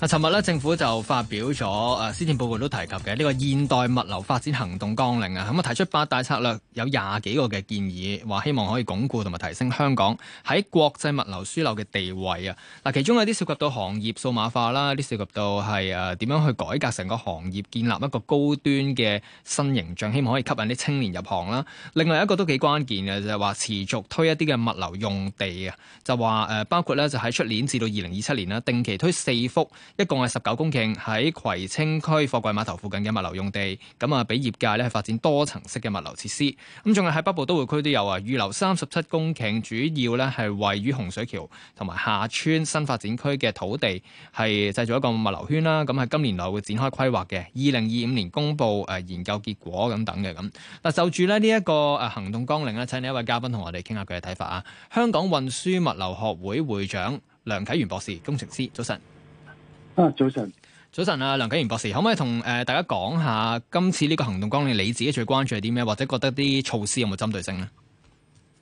嗱，尋日咧政府就發表咗誒施政報告，都提及嘅呢個現代物流發展行動綱領啊，咁啊提出八大策略，有廿幾個嘅建議，話希望可以鞏固同埋提升香港喺國際物流樞紐嘅地位啊。嗱，其中有啲涉及到行業數碼化啦，啲涉及到係誒點樣去改革成個行業，建立一個高端嘅新形象，希望可以吸引啲青年入行啦。另外一個都幾關鍵嘅就係話持續推一啲嘅物流用地啊，就話誒包括咧就喺出年至到二零二七年啦，定期推四幅。一共係十九公頃喺葵青區貨櫃碼頭附近嘅物流用地，咁啊，俾業界咧去發展多層式嘅物流設施。咁仲係喺北部都會區都有啊，預留三十七公頃，主要咧係位於洪水橋同埋下村新發展區嘅土地，係製造一個物流圈啦。咁係今年內會展開規劃嘅，二零二五年公布誒研究結果咁等嘅咁。嗱，就住咧呢一個誒行動綱領咧，請另一位嘉賓同我哋傾下佢嘅睇法啊。香港運輸物流學會,會會長梁啟源博士，工程師，早晨。啊，早晨，早晨啊，梁啟元博士，可唔可以同誒、呃、大家講下今次呢個行動綱領，你自己最關注係啲咩？或者覺得啲措施有冇針對性呢？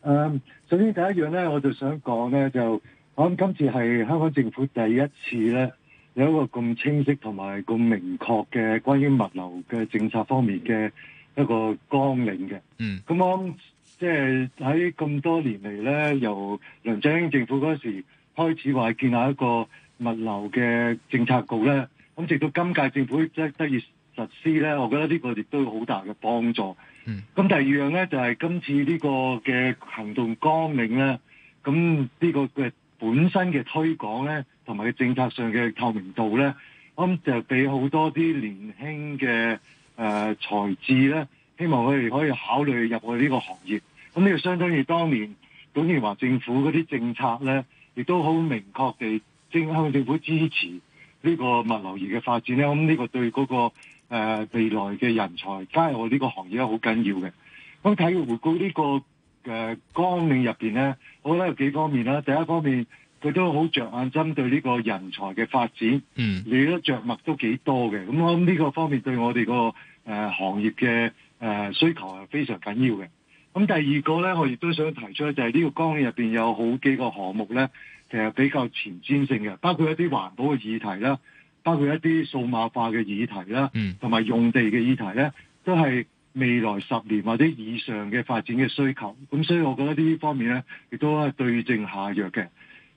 誒、嗯，首先第一樣咧，我就想講咧，就我諗今次係香港政府第一次咧，有一個咁清晰同埋咁明確嘅關於物流嘅政策方面嘅一個綱領嘅。嗯。咁我諗即係喺咁多年嚟咧，由梁振英政府嗰時開始話建立一個。物流嘅政策局呢，咁直到今屆政府得得以實施呢，我覺得呢個亦都有好大嘅幫助。嗯，咁第二樣呢，就係、是、今次呢個嘅行動綱領呢，咁、這、呢個嘅本身嘅推廣呢，同埋政策上嘅透明度呢，咁就俾好多啲年輕嘅誒、呃、才智呢，希望佢哋可以考慮入去呢個行業。咁、嗯、呢、這個相當於當年董建華政府嗰啲政策呢，亦都好明確地。政府支持呢個物流業嘅發展咧，咁呢個對嗰、那個、呃、未來嘅人才加入我呢個行業咧，好緊要嘅。咁睇嘅回顧、這個呃、光呢個誒綱領入邊咧，我覺得有幾方面啦、啊。第一方面，佢都好着眼針對呢個人才嘅發展，嗯、mm.，你都着墨都幾多嘅。咁我諗呢個方面對我哋個誒行業嘅誒、呃、需求係非常緊要嘅。咁第二個咧，我亦都想提出就係呢個綱領入邊有好幾個項目咧。其實比較前瞻性嘅，包括一啲環保嘅議題啦，包括一啲數碼化嘅議題啦，同埋用地嘅議題咧，都係未來十年或者以上嘅發展嘅需求。咁所以，我覺得呢方面咧，亦都係對症下藥嘅。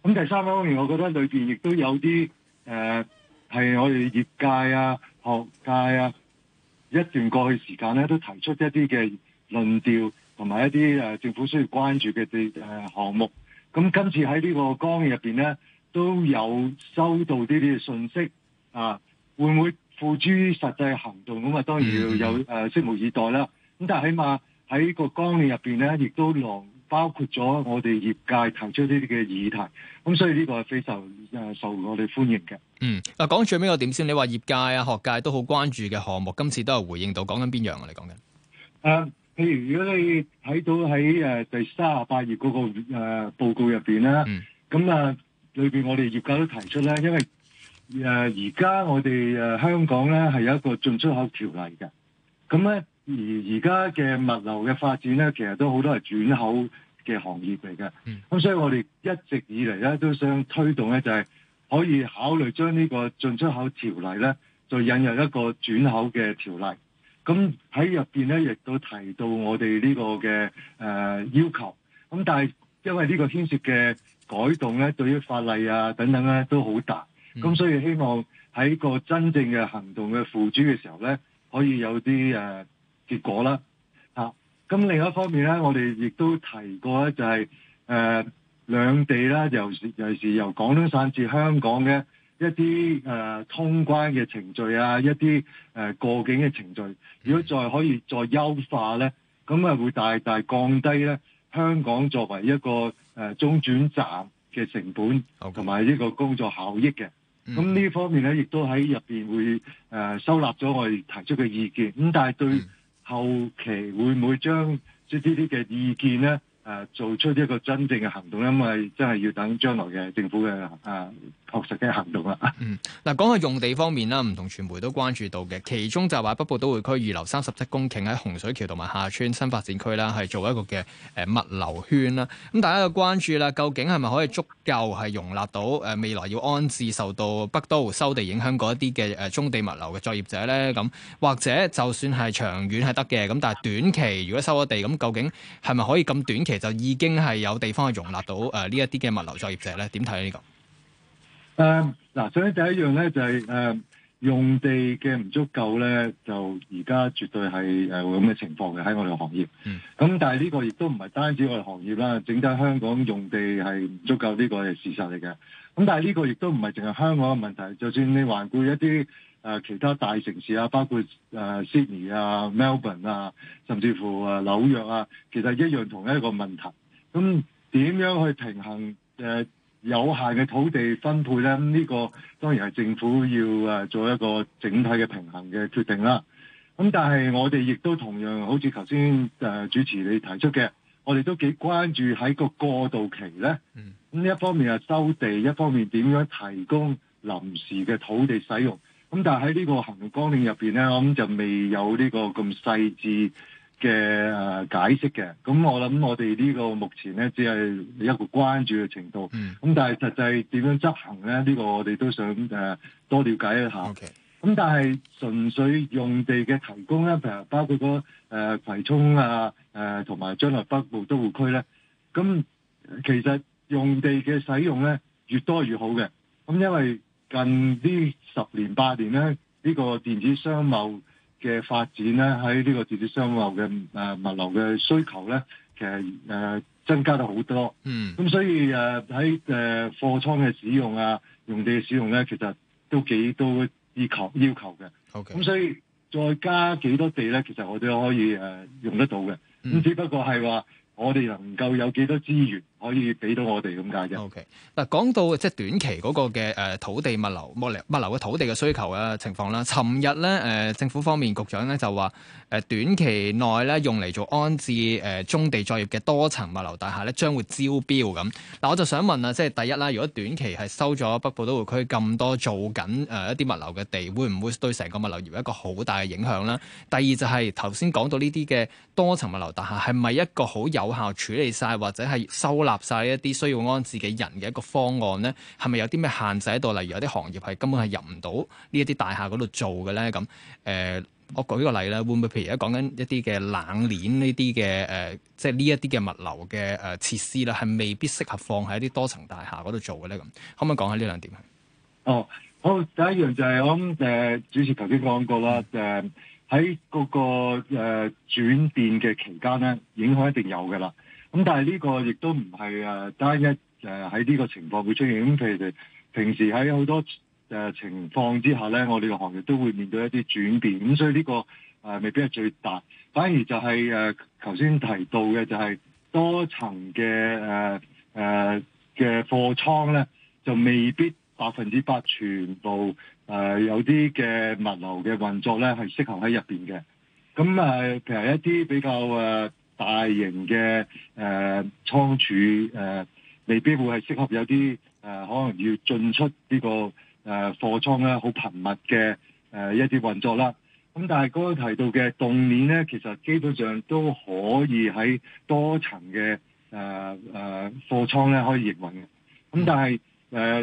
咁第三方面，我覺得裏面亦都有啲誒，係、呃、我哋業界啊、學界啊一段過去時間咧，都提出一啲嘅論調，同埋一啲政府需要關注嘅啲、呃、項目。咁今次喺呢個綱領入面咧，都有收到呢啲嘅信息啊！會唔會付諸實實際行動？咁啊，當然要有誒拭目以待啦。咁但係起碼喺個綱領入面咧，亦都囊包括咗我哋業界提出呢啲嘅議題。咁所以呢個係非常、呃、受我哋歡迎嘅。嗯，嗱、啊、講最尾個點先，你話業界啊、學界都好關注嘅項目，今次都係回應到講緊邊樣？我哋講緊譬如如果你睇到喺誒第三十八頁嗰個誒報告入面啦，咁啊裏面我哋業界都提出咧，因為誒而家我哋誒香港咧係有一個進出口條例嘅，咁咧而而家嘅物流嘅發展咧，其實都好多係轉口嘅行業嚟嘅，咁、mm. 所以我哋一直以嚟咧都想推動咧，就係可以考慮將呢個進出口條例咧，就引入一個轉口嘅條例。咁喺入邊咧，亦都提到我哋呢個嘅誒、呃、要求。咁但係因為呢個牽涉嘅改動咧，對於法例啊等等咧都好大。咁、嗯、所以希望喺個真正嘅行動嘅付諸嘅時候咧，可以有啲誒、呃、結果啦。嚇、啊！咁另一方面咧，我哋亦都提過咧、就是，就係誒兩地啦，尤其是由廣東省至香港嘅。一啲誒、呃、通關嘅程序啊，一啲誒、呃、過境嘅程序，如果再可以再優化咧，咁啊、mm hmm. 會大大降低咧香港作為一個誒、呃、中轉站嘅成本同埋呢個工作效率嘅。咁呢、mm hmm. 方面咧，亦都喺入面會誒、呃、收納咗我哋提出嘅意見。咁但係對後期會唔會將即係呢啲嘅意見咧誒、呃、做出一個真正嘅行動呢？因為真係要等將來嘅政府嘅啊。呃落實嘅行動啦。嗯，嗱講下用地方面啦，唔同傳媒都關注到嘅，其中就係話北部都會區預留三十七公頃喺洪水橋同埋廈村新發展區啦，係做一個嘅誒物流圈啦。咁大家嘅關注啦，究竟係咪可以足夠係容納到誒未來要安置受到北都收地影響嗰一啲嘅誒中地物流嘅作業者咧？咁或者就算係長遠係得嘅，咁但係短期如果收咗地咁，究竟係咪可以咁短期就已經係有地方去容納到誒呢一啲嘅物流作業者咧？點睇呢個？誒，嗱，首先第一樣咧就係、是、誒，uh, 用地嘅唔足夠咧，就而家絕對係誒會咁嘅情況嘅喺我哋行業。咁、mm. 嗯、但係呢個亦都唔係單止我哋行業啦，整體香港用地係唔足夠呢、這個係事實嚟嘅。咁、嗯、但係呢個亦都唔係淨係香港嘅問題，就算你環顧一啲誒、呃、其他大城市啊，包括誒 Sydney、呃、啊、Melbourne 啊，甚至乎誒紐約啊，其實一樣同一個問題。咁、嗯、點樣去平衡誒？呃有限嘅土地分配咧，呢、這個當然係政府要誒做一個整體嘅平衡嘅決定啦。咁但係我哋亦都同樣好似頭先誒主持你提出嘅，我哋都幾關注喺個過渡期咧。咁呢、嗯、一方面係收地，一方面點樣提供臨時嘅土地使用。咁但係喺呢個行動綱領入邊咧，我諗就未有呢個咁細緻。嘅解釋嘅，咁我諗我哋呢個目前呢，只係一個關注嘅程度，咁、mm. 但係實際點樣執行呢？呢、呢個我哋都想誒多了解一下。咁 Okay. 但係純粹用地嘅提供呢，譬如包括嗰、那、誒、個呃、葵涌啊，同、呃、埋將來北部都會區呢，咁其實用地嘅使用呢，越多越好嘅。咁因為近呢十年八年呢，呢、呢個電子商貿嘅發展咧，喺呢個電子商務嘅誒物流嘅需求咧，其實誒增加咗好多，嗯，咁所以誒喺誒貨倉嘅使用啊，用地嘅使用咧，其實都幾多要求要求嘅，咁 Okay. 所以再加幾多地咧，其實我哋都可以誒用得到嘅，咁、嗯、只不過係話我哋能夠有幾多資源。可以俾到我哋咁解啫。O K，嗱講到即係短期嗰個嘅土地物流、物流嘅土地嘅需求啊情況啦。尋日咧政府方面局長咧就話短期內咧用嚟做安置中地作業嘅多層物流大廈咧將會招標咁。嗱我就想問啊，即係第一啦，如果短期係收咗北部都會區咁多做緊一啲物流嘅地，會唔會對成個物流業一個好大嘅影響啦？第二就係頭先講到呢啲嘅多層物流大廈係咪一個好有效處理晒，或者係收納？合曬一啲需要安置嘅人嘅一個方案咧，係咪有啲咩限制喺度？例如有啲行業係根本係入唔到呢一啲大廈嗰度做嘅咧，咁誒、呃，我舉個例啦，會唔會譬如而家講緊一啲嘅冷鏈呢啲嘅誒，即係呢一啲嘅物流嘅誒設施啦，係未必適合放喺啲多層大廈嗰度做嘅咧？咁可唔可以講下呢兩點？哦，好第一樣就係、是、我諗誒、呃、主持頭先講過啦，誒喺嗰個誒、呃、轉變嘅期間咧，影響一定有嘅啦。咁但係呢個亦都唔係誒單一誒喺呢個情況會出現，咁譬如平時喺好多誒情況之下呢，我哋個行業都會面對一啲轉變，咁所以呢個誒未必係最大，反而就係誒頭先提到嘅就係多層嘅誒誒嘅貨倉呢，就未必百分之百全部誒有啲嘅物流嘅運作呢係適合喺入面嘅，咁誒譬如一啲比較誒。大型嘅誒、呃、倉儲誒、呃，未必會係適合有啲誒、呃，可能要進出呢、這個誒、呃、貨倉咧，好頻密嘅誒、呃、一啲運作啦。咁但係嗰個提到嘅動線咧，其實基本上都可以喺多層嘅誒誒貨倉咧，可以營運嘅。咁但係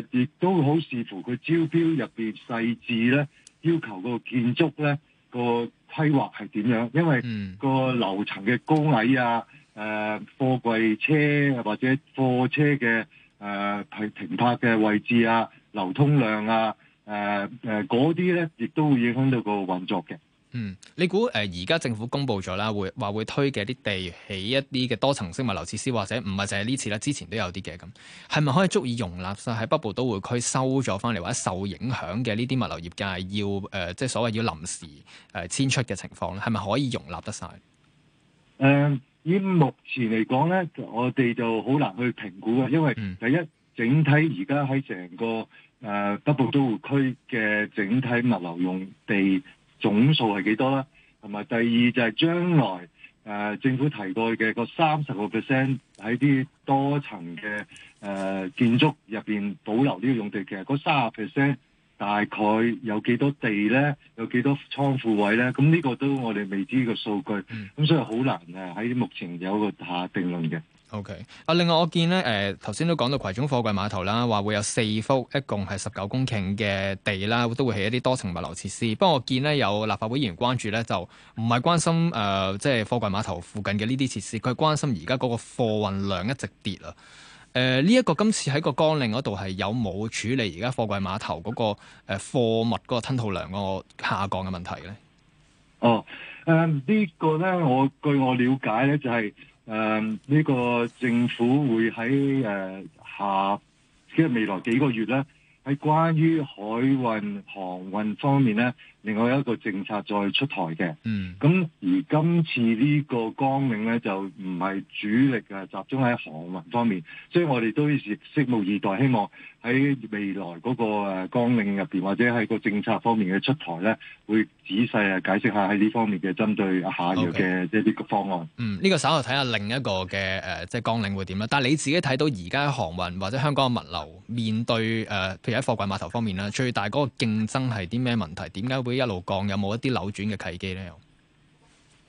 誒，亦、呃、都好視乎佢招標入面細緻咧，要求個建築咧、個規劃係點樣？因為個樓層嘅高矮啊、誒貨櫃車或者貨車嘅誒係停泊嘅位置啊、流通量啊、誒誒嗰啲咧，亦都會影響到個運作嘅。嗯，你估誒而家政府公布咗啦，會話會推嘅啲地起一啲嘅多層式物流設施，或者唔係淨係呢次啦，之前都有啲嘅咁，係咪可以足以容納晒喺北部都會區收咗翻嚟或者受影響嘅呢啲物流業界要誒、呃、即係所謂要臨時誒、呃、遷出嘅情況咧？係咪可以容納得晒？誒、嗯，以目前嚟講咧，我哋就好難去評估啊，因為第一整體而家喺成個誒、呃、北部都會區嘅整體物流用地。總數係幾多咧？同埋第二就係將來誒、呃、政府提過嘅個三十個 percent 喺啲多層嘅誒、呃、建築入邊保留呢個用地，其實嗰三十 percent 大概有幾多地咧？有幾多倉庫位咧？咁呢個都我哋未知個數據，咁所以好難啊！喺目前有一個下定論嘅。O.K. 啊，另外我見咧，誒、呃，頭先都講到葵涌貨櫃碼頭啦，話會有四幅，一共係十九公頃嘅地啦，都會起一啲多層物流設施。不過我見咧有立法會議員關注咧，就唔係關心誒、呃，即係貨櫃碼頭附近嘅呢啲設施，佢係關心而家嗰個貨運量一直跌啊。誒、呃，呢一個今次喺個綱領嗰度係有冇處理而家貨櫃碼頭嗰個誒貨物嗰、那個吞吐量個下降嘅問題咧？哦，誒、嗯，這個、呢個咧，我據我了解咧，就係、是。誒呢、嗯個政府會喺誒下即係未來幾個月咧，喺關於海運、航運方面咧。另外一個政策再出台嘅，咁、嗯、而今次呢個綱領咧就唔係主力啊，集中喺航運方面，所以我哋都係拭目以待，希望喺未來嗰個綱領入邊或者喺個政策方面嘅出台咧，會仔細啊解釋下喺呢方面嘅針對下嘅即係呢個方案。Okay. 嗯，呢個稍後睇下另一個嘅即係綱領會點啦。但你自己睇到而家航運或者香港嘅物流面對、呃、譬如喺貨櫃碼頭方面啦，最大嗰個競爭係啲咩問題？點解會？一路降有冇一啲扭轉嘅契機咧？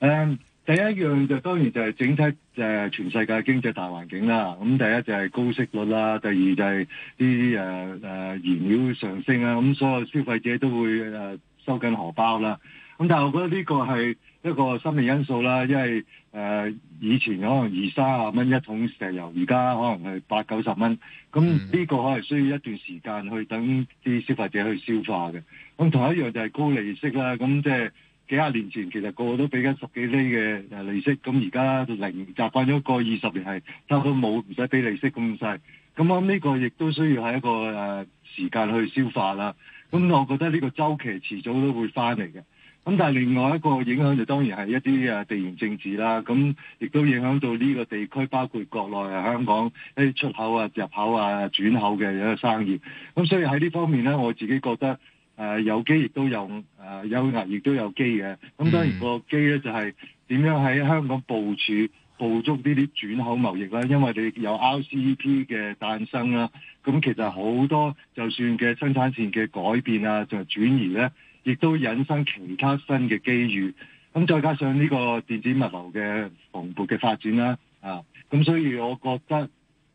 誒、嗯，第一樣就當然就係整體誒全世界經濟大環境啦。咁第一就係高息率啦，第二就係啲誒誒燃料上升啊。咁所有消費者都會誒收緊荷包啦。咁但係我覺得呢個係一個心理因素啦，因為誒、呃、以前可能二三十蚊一桶石油，而家可能係八九十蚊。咁呢個可能需要一段時間去等啲消費者去消化嘅。咁同一樣就係高利息啦，咁即係幾廿年前其實個個都俾緊十幾厘嘅利息，咁而家就零習慣咗個二十年係差唔多冇唔使俾利息咁細，咁我呢個亦都需要喺一個誒時間去消化啦。咁我覺得呢個周期遲早都會翻嚟嘅。咁但係另外一個影響就當然係一啲誒地緣政治啦，咁亦都影響到呢個地區，包括國內啊、香港一啲出口啊、入口啊、轉口嘅一個生意。咁所以喺呢方面咧，我自己覺得。誒、啊、有機亦都有誒、啊、有壓，亦都有機嘅。咁當然個機咧就係點樣喺香港部署、捕捉呢啲轉口貿易啦。因為你有 RCEP 嘅誕生啦、啊，咁其實好多就算嘅生產線嘅改變啊，就係轉移咧，亦都引申其他新嘅機遇。咁再加上呢個電子物流嘅蓬勃嘅發展啦、啊，啊，咁所以我覺得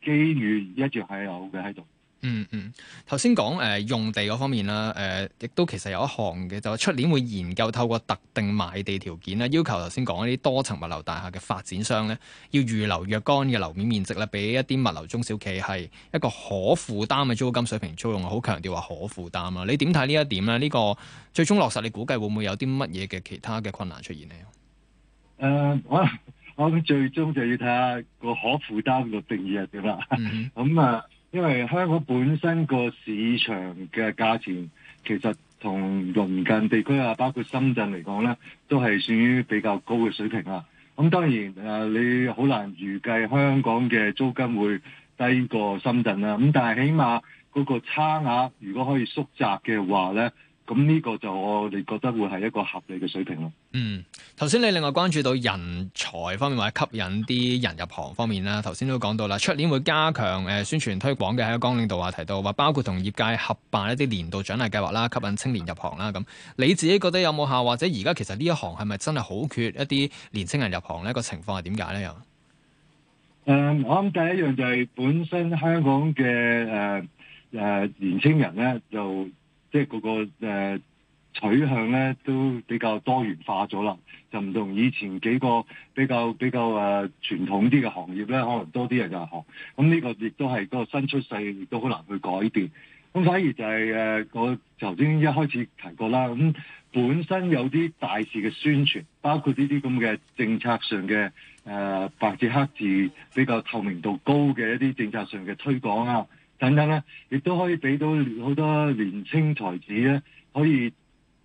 機遇一直係有嘅喺度。嗯嗯，頭先講誒用地嗰方面啦，誒、呃、亦都其實有一項嘅，就係出年會研究透過特定賣地條件啦，要求頭先講啲多層物流大廈嘅發展商咧，要預留若干嘅樓面面積啦，俾一啲物流中小企係一個可負擔嘅租金水平租用，好強調話可負擔啊！你點睇呢一點咧？呢、這個最終落實，你估計會唔會有啲乜嘢嘅其他嘅困難出現呢？誒、呃，我我諗最終就要睇下個可負擔嘅定義係點啦，咁啊、嗯哼。嗯因為香港本身個市場嘅價錢，其實同鄰近地區啊，包括深圳嚟講呢，都係算於比較高嘅水平啦。咁當然誒你好難預計香港嘅租金會低過深圳啦。咁但係起碼嗰個差額，如果可以縮窄嘅話呢。咁呢個就我哋覺得會係一個合理嘅水平咯。嗯，頭先你另外關注到人才方面或者吸引啲人入行方面啦。頭先都講到啦，出年會加強誒、呃、宣傳推廣嘅。喺綱領度話提到，話包括同業界合辦一啲年度獎勵計劃啦，吸引青年入行啦。咁你自己覺得有冇效？或者而家其實呢一行係咪真係好缺一啲年青人入行呢？個情況係點解呢？又誒、嗯，我諗第一樣就係本身香港嘅誒誒年青人咧就。即係嗰個、呃、取向咧，都比較多元化咗啦，就唔同以前幾個比較比較誒、呃、傳統啲嘅行業咧，可能多啲人就係學。咁呢個亦都係個新出世，亦都好難去改變。咁反而就係、是、誒、呃，我頭先一開始提過啦。咁本身有啲大事嘅宣傳，包括呢啲咁嘅政策上嘅誒、呃、白紙黑字比較透明度高嘅一啲政策上嘅推廣啊。等等咧、啊，亦都可以俾到好多年青才子咧，可以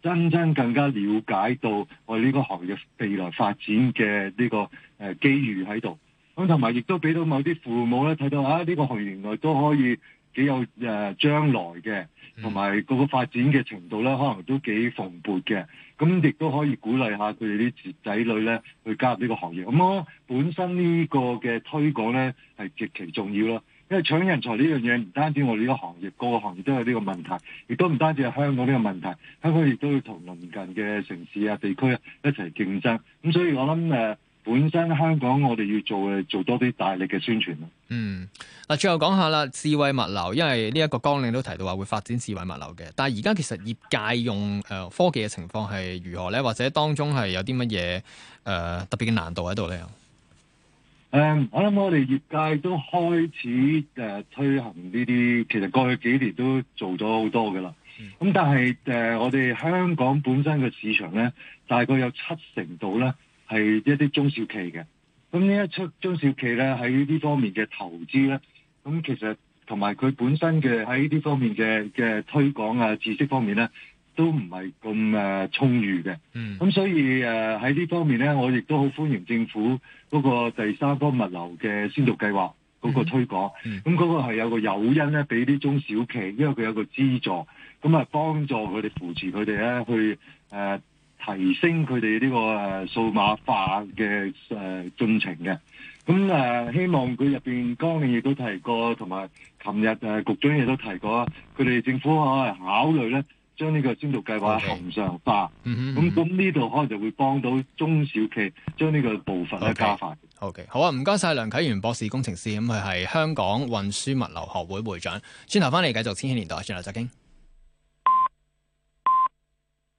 真正更加了解到我哋呢個行業未來發展嘅呢、這個誒、呃、機遇喺度。咁同埋亦都俾到某啲父母咧睇到啊，呢、這個行業原來都可以幾有誒、呃、將來嘅，同埋個個發展嘅程度咧，可能都幾蓬勃嘅。咁亦都可以鼓勵下佢哋啲仔女咧去加入呢個行業。咁、嗯、我、啊、本身呢個嘅推廣咧係極其重要啦。因為搶人才呢樣嘢唔單止我哋呢個行業，各、各個行業都有呢個問題，亦都唔單止係香港呢個問題。香港亦都要同鄰近嘅城市啊、地區啊一齊競爭。咁所以我諗誒，本身香港我哋要做誒，做多啲大力嘅宣傳咯。嗯，嗱，最後講下啦，智慧物流，因為呢一個綱領都提到話會發展智慧物流嘅。但係而家其實業界用誒、呃、科技嘅情況係如何咧？或者當中係有啲乜嘢誒特別嘅難度喺度咧？誒，um, 我諗我哋業界都開始誒、呃、推行呢啲，其實過去幾年都做咗好多噶啦。咁、嗯、但係誒、呃，我哋香港本身嘅市場咧，大概有七成度咧係一啲中小企嘅。咁呢一出中小企咧喺呢方面嘅投資咧，咁其實同埋佢本身嘅喺呢方面嘅嘅推廣啊、知識方面咧。都唔係咁誒充裕嘅，咁、嗯、所以誒喺呢方面咧，我亦都好歡迎政府嗰個第三方物流嘅先導計劃嗰個推廣，咁嗰、嗯嗯、個係有個誘因咧，俾啲中小企，因為佢有個資助，咁啊幫助佢哋扶持佢哋咧去誒、呃、提升佢哋呢個誒數碼化嘅誒進程嘅，咁、呃、希望佢入邊剛亦都提過，同埋琴日誒局長亦都提過，佢哋政府啊考慮咧。將呢個宣導計劃行上化，咁咁呢度可能就會幫到中小企將呢個部分咧加快。好嘅，好啊，唔該晒梁啟元博士工程師，咁佢係香港運輸物,物流學會會,會長。轉頭翻嚟繼續《千禧年代》，轉頭再傾。